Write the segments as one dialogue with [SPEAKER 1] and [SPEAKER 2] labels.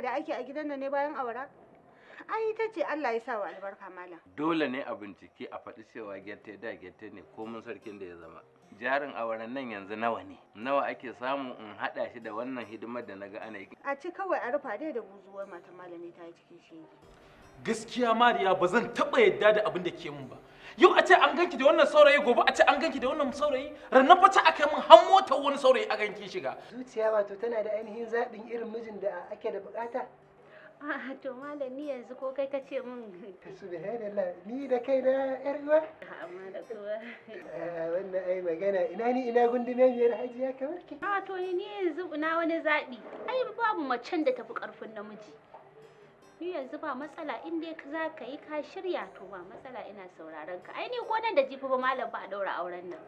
[SPEAKER 1] da ake a gidan nan ne bayan awara? Ai ta ce Allah ya sa wa albarka malam.
[SPEAKER 2] Dole ne a bincike a faɗi cewa gerte da gerte ne komun sarkin da ya zama. Jarin auren nan yanzu nawa ne? Nawa ake samu in haɗa shi da wannan hidimar da na ga ana yi?
[SPEAKER 1] A ci kawai a rufa dai da buzuwar mata malami ta yi cikin shi.
[SPEAKER 2] gaskiya mariya ba zan taɓa yadda da abin da ke mun ba yau a ce an ganki da wannan saurayi gobe a ce an ganki da wannan saurayi rannan fata aka min har motar wani saurayi a ganki shiga
[SPEAKER 3] zuciya wato tana da ainihin zaɓin irin mijin da ake da bukata a to malami yanzu ko kai ka ce min subhanallah ni da kai na yar uwa amma da kowa eh, wannan ai magana ina ni ina gundume biyar hajiya kamar ki a to ni yanzu na wani zaɓi ai babu
[SPEAKER 4] macen da tafi karfin namiji ni yanzu ba matsala in dai za ka yi ka shirya to ba matsala ina sauraron ka ai ni ko nan da jifi ba malam ba a ɗaura auren nan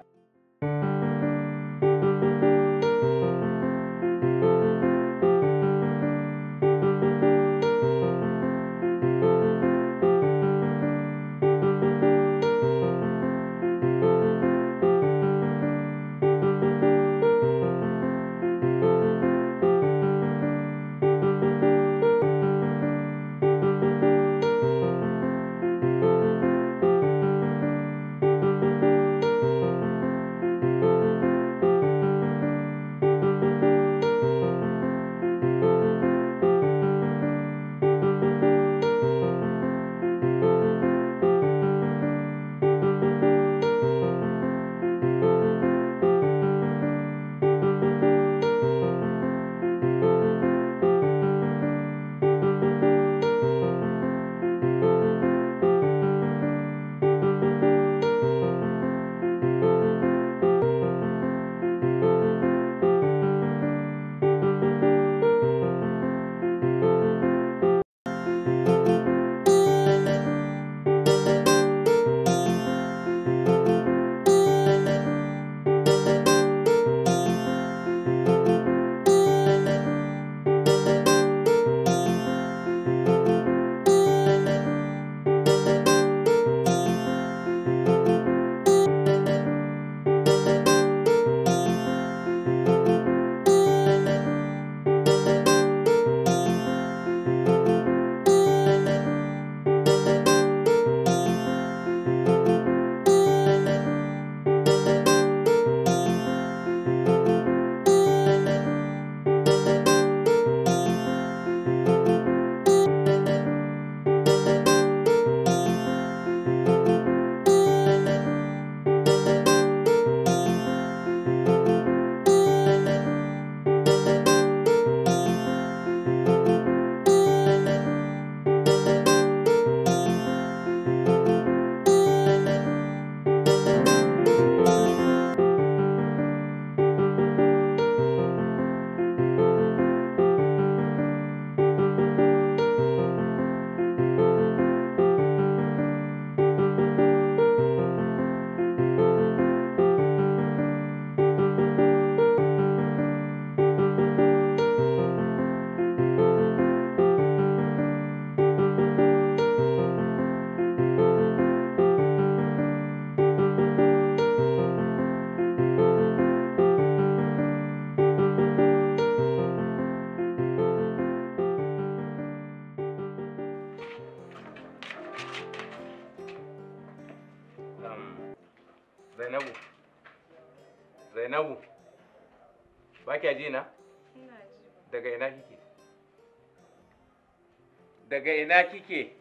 [SPEAKER 2] daga ina kike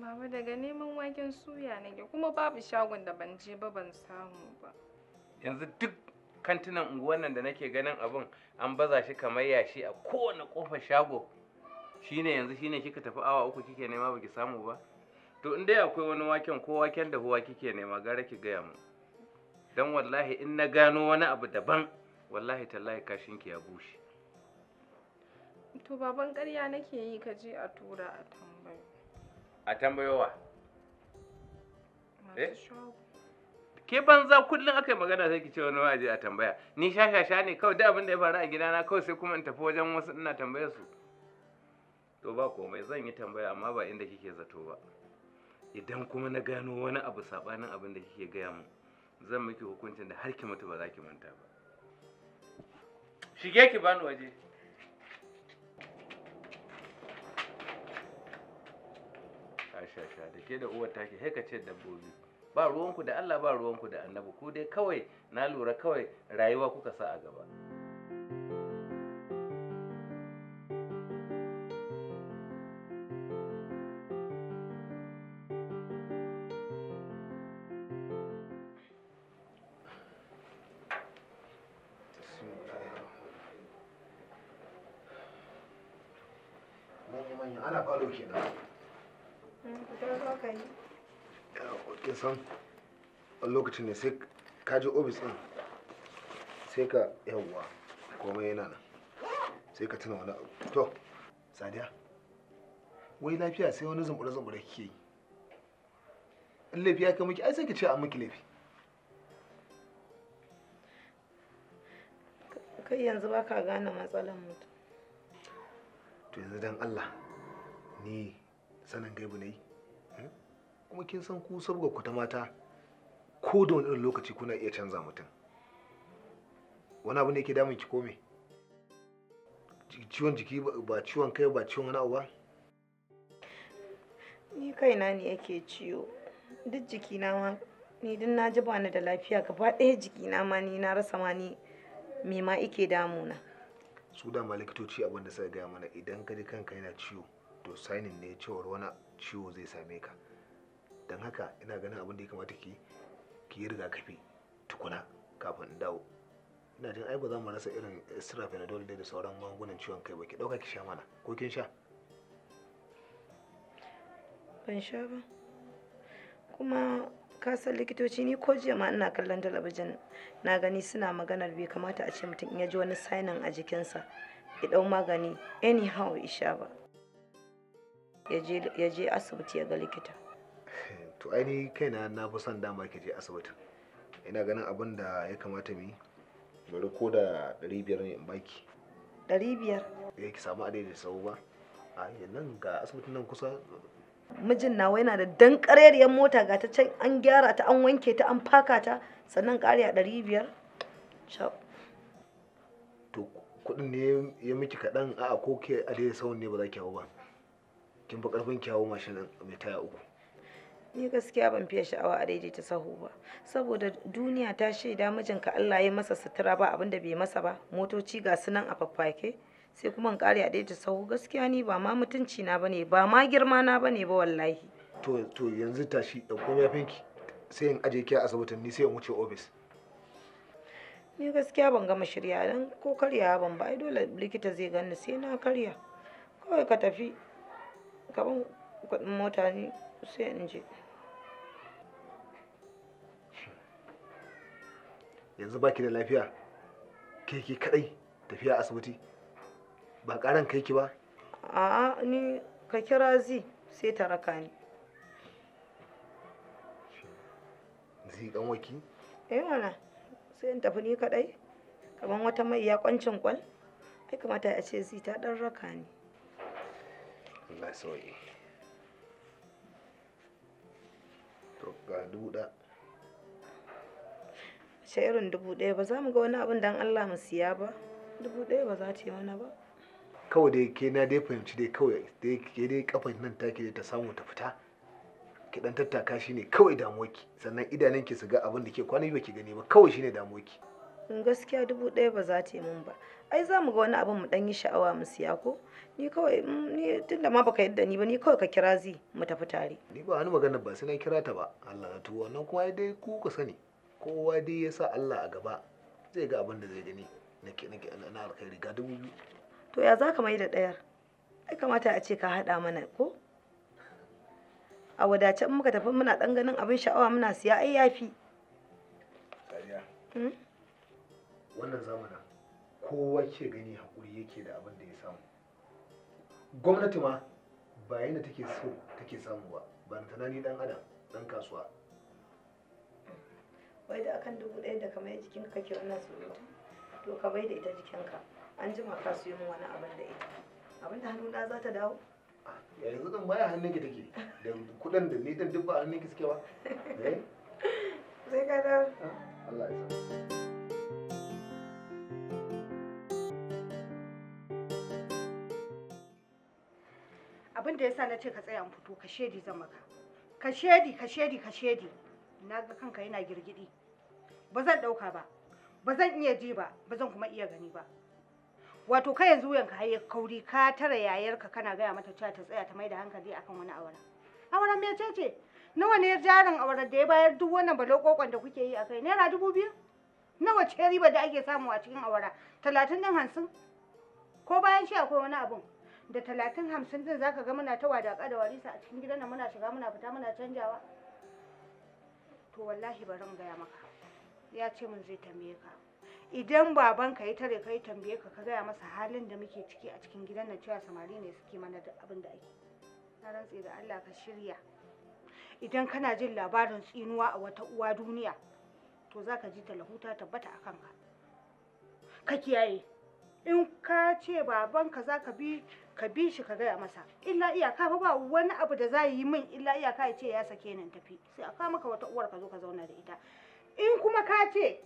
[SPEAKER 5] Baba daga neman waken suya nake kuma babu shagon da ban je ba ban samu
[SPEAKER 2] ba. Yanzu duk kantinan unguwar nan da nake ganin abin an baza shi kamar yashi a kowane kofar shago shine yanzu shine kika tafi awa uku kike nema baki samu ba. To in dai akwai wani waken ko waken da huwa kike nema gara ki gaya mu. Dan wallahi in na gano wani abu daban wallahi tallahi kashin ki ya bushe.
[SPEAKER 5] To baban ƙarya nake yi ka je a tura a tambayo.
[SPEAKER 2] A tambayowa? Eh? Ke banza kullum aka yi magana sai ki ce wani waje a tambaya. Ni shashasha ne kawai da abin da ya faru a gidana kawai sai kuma in tafi wajen wasu ina tambaya su. To ba komai zan yi tambaya amma ba inda kike zato ba. Idan kuma na gano wani abu sabanin abin da kike gaya mu, zan miki hukuncin da har ki mutu ba za ki manta ba. Shige ki bani waje. a shasha da ke da uwar take haika ce dabbobi ba ruwanku da Allah ba ruwanku da annabi ku dai kawai na lura kawai rayuwa kuka sa a gaba
[SPEAKER 6] kin san a lokacin ne sai ka je ofis din sai ka yawwa komai yana nan sai ka tuna wani abu to sadiya wai lafiya sai wani zumbura zumbura kike yi in laifi ya kai miki ai sai ki ce a miki laifi
[SPEAKER 5] kai yanzu ba ka gane matsalar mutum
[SPEAKER 6] to yanzu dan Allah ni sanin gaibu ne hmm? kuma kin san ku saboda ku ta mata ko da wani irin lokaci kuna iya canza mutum wani abu ne yake damun ki kome ciwon jiki ba ciwon kai ba ciwon wani abu ba
[SPEAKER 5] ni kaina ne yake ciwo duk jikina ma ni din na ji bani da lafiya gaba ɗaya jikina ma ni na rasa ma ni me ma ike damuna
[SPEAKER 6] su ma likitoci abin da suka gaya mana idan ka ji kanka yana ciwo to sainin ne cewar wani ciwo zai same ka don haka ina ganin abin da ya kamata ki ki yi rigakafi tukuna kafin in dawo ina jin ai ba za mu rasa irin extra panadol da sauran magungunan ciwon kai ba ki dauka ki sha mana ko kin sha
[SPEAKER 5] ban sha ba kuma ka san likitoci ni ko jiya ma ina kallon talabijin na gani suna maganar bai kamata a ce mutum in ya ji wani sainin a jikinsa ya dau magani anyhow isha ba ya je asibiti ya
[SPEAKER 6] ga likita to ainihi kaina na fi son dama ki je asibiti ina ganin abin da ya kamata mu yi bari ko da ɗari biyar ne in baki ɗari biyar ya eh, ki samu adai da sau ba a nan ga asibitin nan kusa
[SPEAKER 5] mijin nawa yana da dan ƙarerriyar mota ga ta can an gyara ta an wanke ta an faka ta sannan ƙari a ɗari biyar
[SPEAKER 6] to kuɗin ne ya miki kaɗan a'a ko ke adai da sau ne ba za ki hau ba kin fi karfin kyawu mashin mai taya uku
[SPEAKER 5] ni gaskiya ban fiye sha'awa a daidaita sahu ba saboda duniya ta shaida mijinka Allah ya masa sutura ba abin da bai masa ba motoci ga su nan a faffake sai kuma in kare a daidaita sahu gaskiya ni ba ma mutunci na bane ba ma girma na bane ba wallahi
[SPEAKER 6] to to yanzu tashi da komai finki sai in aje ki a asibitin ni sai in wuce office
[SPEAKER 5] ni gaskiya ban gama shirya dan ko karya ban ba ai dole likita zai gani sai na karya kawai ka tafi gaban kuɗin mota ne sai in je
[SPEAKER 6] yanzu baki da lafiya ke ki kadai tafiya asibiti ba karan kai ki ba a'a
[SPEAKER 5] ni ka kira zi sai ta raka ni
[SPEAKER 6] zi dan waki
[SPEAKER 5] eh wala sai in tafi ni kadai kaman wata mai ya kwancin kwal ai kamata a ce zi ta dan raka ni
[SPEAKER 6] Allah ya sauke to ga
[SPEAKER 5] irin dubu ɗaya ba za mu ga wani abin dan Allah mu siya ba dubu ɗaya ba za ta yi ba
[SPEAKER 6] kawai dai ke na dai fahimci dai kawai dai ke dai nan take ta samu ta fita ki dan tattaka ne kawai damuwarki sannan idanunki su ga abin da ke kwana biyu ki gani ba kawai shine damuwarki
[SPEAKER 5] gaskiya dubu ɗaya ba za ta yi mun ba ai za mu ga wani abin mu ɗan yi sha'awa mu siya ko ni kawai mm, ni tunda ma baka yadda ni ba ni kawai ka kira zi mu tafi tare
[SPEAKER 6] ni ba wani magana ba sai na kira ta ba Allah na tuwa nan kuma dai ku ku sani kowa dai ya sa Allah a gaba zai ga abin da zai gani na ke na na alkhairi ga dubu biyu
[SPEAKER 5] to ya za ka mai da ɗayar ai kamata a ce ka haɗa mana ko a wadace muka tafi muna ɗan ganin abin sha'awa muna siya ai yafi
[SPEAKER 7] Mm-hmm.
[SPEAKER 6] wannan zamanin kowa ke gani haƙuri yake da abin da ya samu gwamnati ma ba yadda take so take samu ba ba na tunani dan adam dan kasuwa
[SPEAKER 5] wai da akan dubu ɗaya da kamar jikinka kake wannan surutu to ka bai da ita jikinka an jima ka siyo wani
[SPEAKER 6] abin da ita
[SPEAKER 5] abin da hannuna za ta dawo
[SPEAKER 6] yanzu zan baya hannun ki take da kuɗin da ni dan duk ba hannun ki suke ba eh?
[SPEAKER 5] sai ka dawo ah,
[SPEAKER 6] Allah ya sa
[SPEAKER 1] abin da yasa na ce ka tsaya in fito ka shedi zan maka ka shedi ka shedi ka shedi na ga kanka yana girgidi ba zan dauka ba ba zan iya ji ba ba zan kuma iya gani ba wato kai yanzu yanka har kauri ka tara yayarka kana gaya mata cewa ta tsaya ta mai da hankali akan wani Awara awara me ce ce nawa ne jarin awara da ya bayar duk wannan balo kokon da kuke yi a kai naira dubu biyu nawa ce riba da ake samu a cikin awara talatin din hamsin ko bayan shi akwai wani abun da talatin hamsin din zaka ga muna ta wadaƙa da warisa a cikin gidan nan muna shiga muna fita muna canjawa to wallahi bari gaya maka ya ce mun zai tambaye ka idan babanka ya tare ka ya tambaye ka ka gaya masa halin da muke ciki a cikin gidan nan cewa samari ne suke mana duk abin da ake na rantse da Allah ka shirya idan kana jin labarin tsinuwa a wata uwa duniya to za ka ji talahuta tabbata a kanka ka kiyaye in ka ce babanka za ka bi ka bi shi ka gaya masa illa iyaka fa ba wani abu da za yi min illa iyaka ya ce ya sake ni tafi sai a ka maka wata uwar ka zo ka zauna da ita in kuma ka ce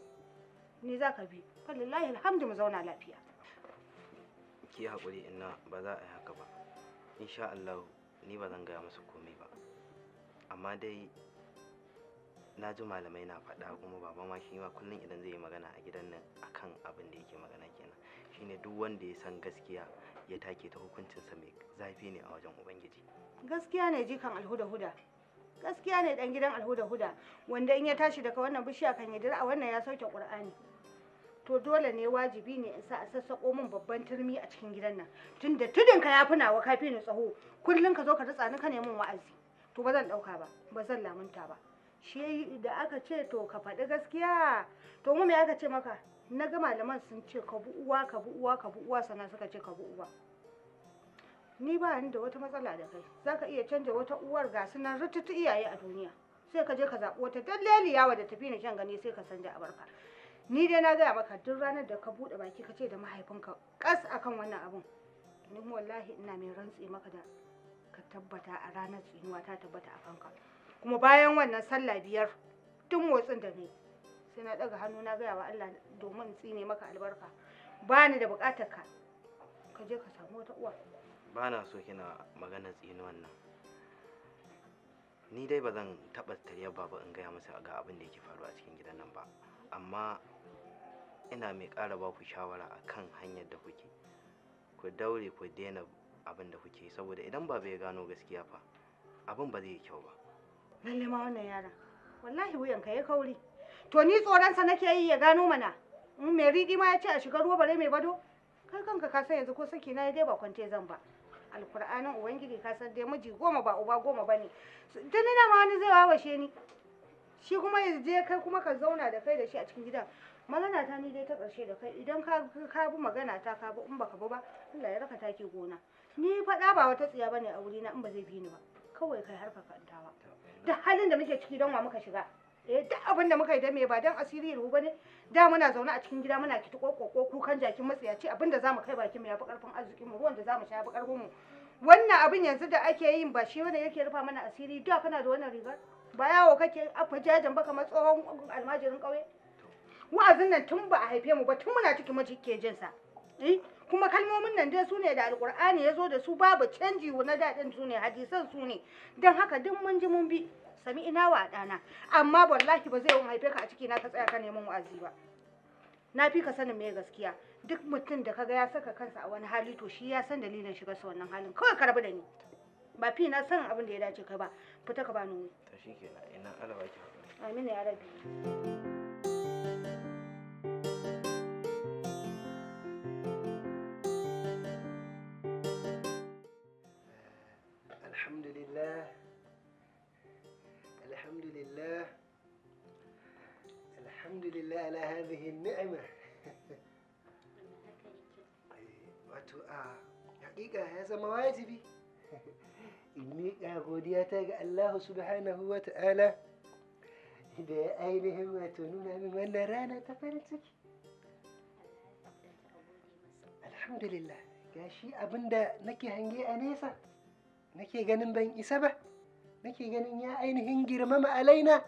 [SPEAKER 1] ni za ka bi falillahi alhamdu mu zauna lafiya
[SPEAKER 7] ki hakuri ina ba za a yi haka ba insha Allah ni ba zan gaya masa komai ba amma dai na ji malamai na faɗa kuma baba ma shi ma kullum idan zai yi magana a gidan nan akan abin da yake magana kenan shine duk wanda ya san gaskiya ya take ta hukuncinsa mai zafi ne a wajen ubangiji
[SPEAKER 1] gaskiya ne jikan alhuda-huda gaskiya ne dan gidan alhuda-huda wanda in ya tashi daga wannan bishiya kan ya dira a wannan ya sauke qur'ani to dole ne wajibi ne in sa a sassaƙo min babban turmi a cikin gidan nan tunda tudun ka ya fi wa ka kafin ni tsaho kullum ka zo ka ritsa ni ka nemi wa'azi to ba zan ɗauka ba ba lamunta ba shi da aka ce to ka faɗi gaskiya to mu me aka ce maka na ga malaman sun ce ka bi uwa ka bi uwa ka bi uwa sana suka ce ka bi uwa ni ba ni da wata matsala da kai zaka iya canja wata uwar ga sunan rututu iyaye a duniya sai ka je ka zaɓi wata dalleliya wadda tafi ni shan gani sai ka canza a barka ni dai na gaya maka duk ranar da ka buɗe baki ka ce da mahaifinka kas akan wannan abun ni wallahi ina mai rantse maka da ka tabbata a ranar tsinuwa ta tabbata a kanka kuma bayan wannan sallah biyar tun motsin da ne sai na ɗaga hannu na gaya wa Allah domin tsine maka albarka bani da buƙatar ka ka je ka samu wata uwa
[SPEAKER 7] bana na so kina magana tsinuwan nan ni dai ba zan taɓa tariyar baba in gaya masa ga abin da yake faru a cikin gidan nan ba amma ina mai ƙara ba ku shawara a kan hanyar da kuke ku daure ku daina abin da kuke saboda idan ba bai gano gaskiya fa abin ba zai yi kyau ba
[SPEAKER 1] lalle ma wannan yara wallahi wuyanka ya kauri to ni tsoronsa nake yi ya gano mana Me mai ma ya ce a shiga ruwa bare mai bado kai kanka ka san yanzu ko saki na dai ba kwante zan ba alkur'anin ubangiji ka san dai miji goma ba uba goma ba ne tuni ma wani zai wawashe ni shi kuma ya je kai kuma ka zauna da kai da shi a cikin gidan magana ta ni dai ta ƙarshe da kai idan ka ka bi magana ta ka bi in baka bi ba Allah ya raka taki gona ni faɗa ba wata tsiya bane a wurina in ba zai bi ni ba kawai kai harka kantawa da halin da muke ciki don wa muka shiga eh duk abin da muka yi da me ba dan asiri rubu bane da muna zaune a cikin gida muna kiti ko kukan jakin matsayaci abin da zamu kai bakin mu yafi karfin arzikinmu, mu ruwan da zamu sha yafi karfin mu wannan abin yanzu da ake yin ba shi wanda yake rufa mana asiri da kana da wannan rigar ba yawo kake afa jajan ba kamar tsohon almajirin kauye wa'azin nan tun ba a haife mu ba tun muna cikin mace ke jin sa eh, kuma kalmomin nan dai sune da alkur'ani ya zo da su babu canji na daɗin su ne hadisan su ne don haka duk mun ji mun bi sami ina wa ɗana amma wallahi ba zai yi haife ka a ciki na ka tsaya ka neman wa'azi ba na fi ka sanin mai gaskiya duk mutum da kaga ya saka kansa a wani hali to shi ya san dalilin shiga sa wannan halin kawai ka rabu da ni ba fi na san abin da ya dace kai ba fita ka ba nuni.
[SPEAKER 7] to shikenan ina Allah
[SPEAKER 1] amin ya rabbi
[SPEAKER 3] ni'ima wato a hakika ya zama wajibi in miƙa godiya ta ga Allah subhanahu wa ta'ala da ya ainihin wato nuna min wannan rana ta farin ciki alhamdulillah ga shi abinda nake hange a nesa nake ganin ban isa ba nake ganin ya ainihin girmama alaina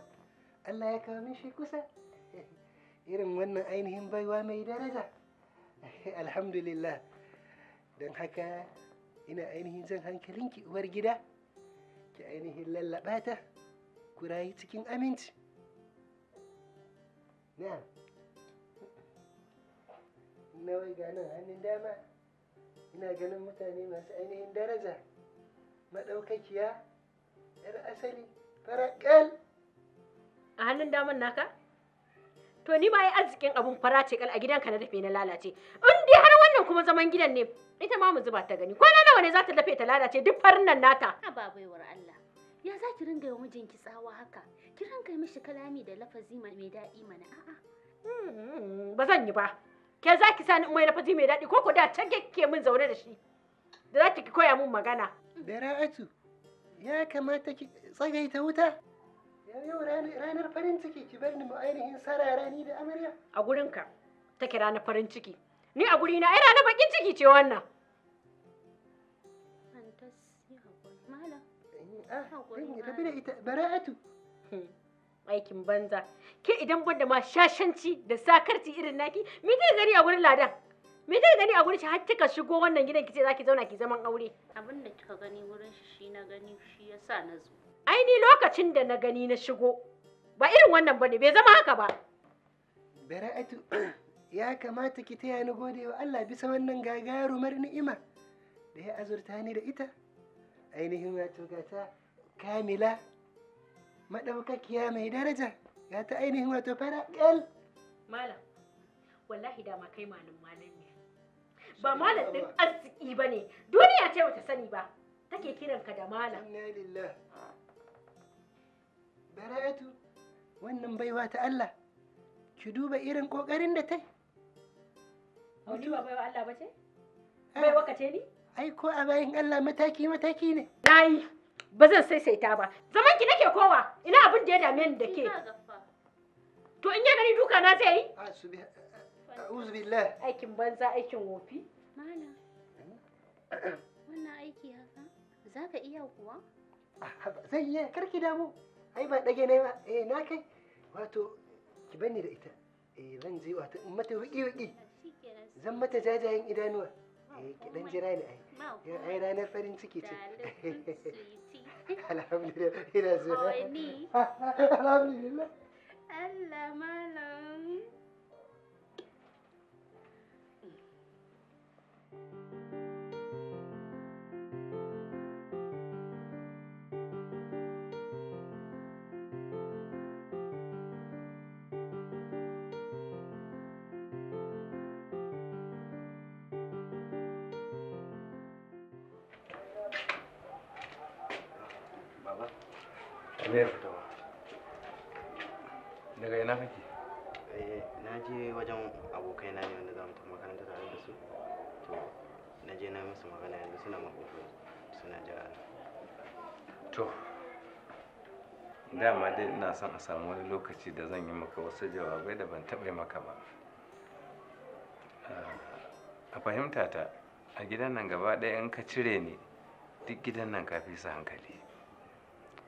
[SPEAKER 3] Allah ya kawo min shi kusa irin wannan ainihin baiwa mai daraja alhamdulillah don haka ina ainihin jan hankalinki uwar gida ki ainihin lallaba ta ku rayu cikin aminci na nawai ganin hannun dama ina ganin mutane masu ainihin daraja maɗaukakiya 'yar asali farakal
[SPEAKER 4] a hannun daman naka? to ni ba yi arzikin abun fara ce kal a gidanka na dafe na lalace in dai har wannan kuma zaman gidan ne ita ma mu zuba ta gani kwana nawa ne za ta dafe ta lalace duk farin nan nata
[SPEAKER 1] a ba baiwar Allah ya za
[SPEAKER 4] ki ringa yi mijinki tsawa haka ki ringa mishi kalami da lafazi mai daɗi mana a'a hmm, ba zan yi ba ke za ki sani mai lafazi mai daɗi ko ku da ta ke min zaune da
[SPEAKER 3] shi da za ki koya min magana da ra'atu ya kamata ki tsagaita wuta yau ranar farin ciki ki bar ni mu ainihin sarara ni da
[SPEAKER 4] amarya a gurin ka take ranar farin ciki ni a gurina ai ranar bakin ciki ce wannan
[SPEAKER 3] eh, ah,
[SPEAKER 4] bara'atu hmm, aikin banza ke idan banda ma shashanci da sakarci irin naki me zai gani a gurin ladan me zai gani a gurin shi har kika shigo wannan gidan kice zaki zauna ki zaman aure abin da kika gani wurin shi shi na gani shi yasa na zo ai ni lokacin da na gani na shigo ba irin wannan bane bai zama haka ba
[SPEAKER 3] bara'atu ya kamata ki taya ni gode wa Allah bisa wannan gagarumar ni'ima da ya azurta ni da ita ainihin wato gata kamila madaukakiya mai daraja gata ainihin wato fara ƙyal
[SPEAKER 4] malam wallahi dama kai malam malam ne ba malam din arziki ba ne duniya ce bata sani ba take kiranka da malam inna
[SPEAKER 3] bara'atu wannan baiwa ta Allah ki duba irin kokarin da ta yi ba baiwa Allah ba ce? Ah. baiwa
[SPEAKER 4] ka ce ni? ai ko a bayan Allah mataki mataki ne dai ba zan saisaita ba zaman ki nake kowa ina abin da ya dame ni da ke to in ya gani duka na zai yi a'udhu billah aikin banza aikin wofi Mana. wannan aiki haka zaka iya kuwa
[SPEAKER 3] zan iya karki damu ai ba dage ne ba eh na kai wato ki bani da ita eh zan je wato in mata wiki wiki zan mata jajayen idanuwa eh ki dan jira ni ai ai ranar farin ciki ce alhamdulillah ina zuwa alhamdulillah
[SPEAKER 4] Allah malam
[SPEAKER 2] me fitowa daga ina kake
[SPEAKER 7] eh na je wajen abokai na ne wanda za mu tafi makaranta tare da su to na je na musu magana yanzu suna makoto suna jira
[SPEAKER 2] to dama dai ina son a samu wani lokaci da zan yi maka wasu jawabai da ban taɓa yi maka ba ah, a fahimta ta a gidan nan gaba ɗaya in ka cire ni duk gidan nan ka fi hankali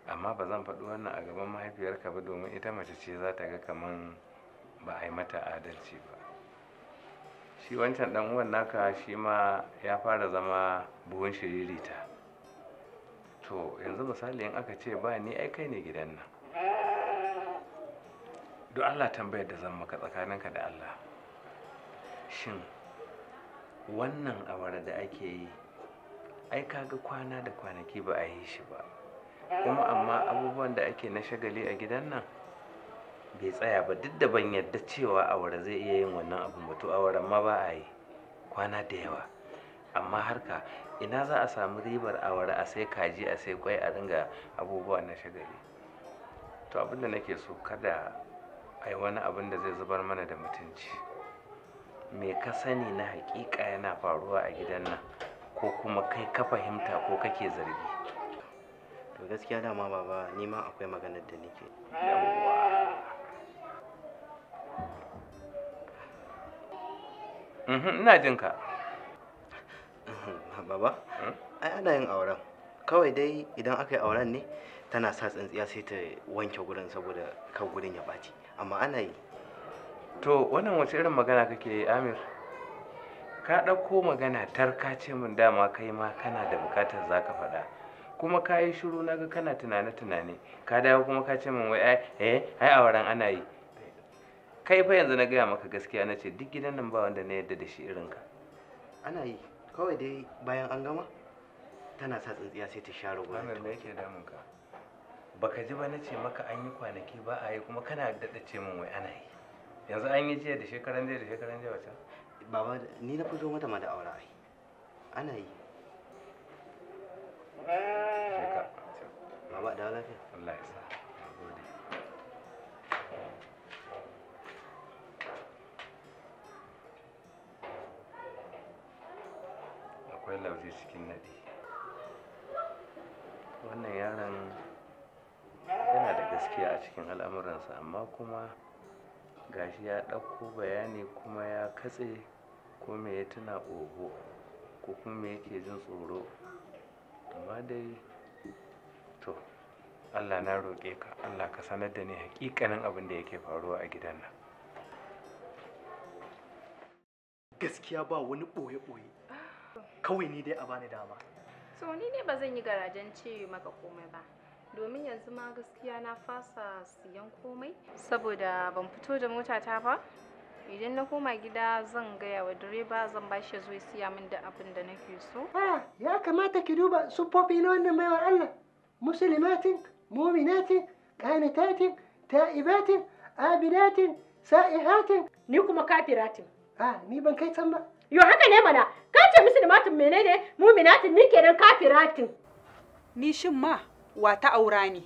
[SPEAKER 2] amma ba zan faɗi wannan a gaban mahaifiyarka ba domin ita mace ce za ta ga kaman ba a yi mata adalci ba shi wancan ɗan uwan naka shi ma ya fara zama buhun shiririta to yanzu misali in aka ce ba ni ai ne gidan nan don allah tambayar da zan maka tsakaninka da allah shin wannan awara da ake yi ai kaga kwana da kwanaki ba a yi shi ba kuma amma abubuwan da ake na shagali a gidan nan bai tsaya ba duk da ban yarda cewa awara zai iya yin wannan abu ba to ma ba a yi kwana da yawa amma harka ina za a samu ribar awara a sai kaji a sai kwai a ringa abubuwa na shagali to abin da nake so kada a yi wani abin da zai zubar mana da mutunci me ka sani na hakika yana faruwa a gidan nan ko kuma kai ka fahimta ko kake zargi to gaskiya dama baba
[SPEAKER 7] ni ma akwai maganar da nake mhm, ina jin ka baba ai ana yin auren kawai dai idan aka yi auren ne tana sa
[SPEAKER 2] tsintsiya sai ta wanke gurin saboda kan gurin ya ɓaci amma ana yi to wannan wace irin magana kake yi amir ka ɗauko magana tarka ce min dama kai ma kana da bukatar zaka ka faɗa kuma ka yi shiru na ga kana tunane-tunane ka dawo kuma ka ce min wai ai eh, a auren ana yi kai fa yanzu na gaya maka gaskiya na ce duk gidan nan ba wanda na yadda da shi irin ka
[SPEAKER 7] ana yi kawai dai
[SPEAKER 2] bayan an gama tana sa tsintsiya sai ta share gwamnati. wannan da yake damun ka baka ji ba na ce maka an yi kwanaki ba a yi kuma kana daɗa ce min wai ana yi yanzu an yi jiya da shekaran jiya da shekaran jiya wata baba ni na fito mata ma da aure ai ana yi Akwai lauje cikin nadi Wannan yaron yana eh, da gaskiya a cikin al'amuransa amma kuma gashi ya ɗauko bayani kuma ya katse ko me ya tuna ogo ko kuma me yake jin tsoro amma dai to allah na roƙe ka allah ka sanar da ni hakikanin abin da yake faruwa a gidan nan
[SPEAKER 6] gaskiya ba wani ɓoye-ɓoye kawai ni dai a bani dama
[SPEAKER 5] so ni ne ba zan yi garajen ce maka komai ba domin yanzu ma gaskiya na fasa siyan komai saboda ban fito da
[SPEAKER 2] motata ba
[SPEAKER 5] idan na koma gida zan gaya wa direba zan ba shi zuwa siya min da abin da nake
[SPEAKER 3] so ya kamata ki duba sufofi na wannan baiwar Allah muslimatin muminatin kanitatin ta'ibatin abidatin sa'ihatin ni kuma kafiratin a ni ban kai can ba yo haka ne mana ka ce muslimatin menene
[SPEAKER 4] muminatin ni kenan kafiratin ni shin ma wa ta aura ne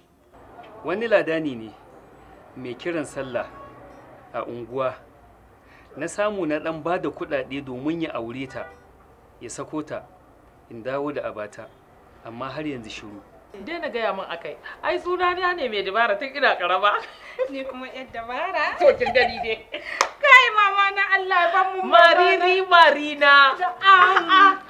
[SPEAKER 7] wani ladani ne mai kiran sallah a unguwa na samu na ɗan ba da kuɗaɗe domin ya aure ta ya sako ta in dawo da abata amma har yanzu shiru daina gaya
[SPEAKER 1] min akai ai suna na ne mai dabara tun ina karama
[SPEAKER 5] ni kuma yar dabara to kin gani dai kai mama na Allah ban mu mariri marina ah, ah.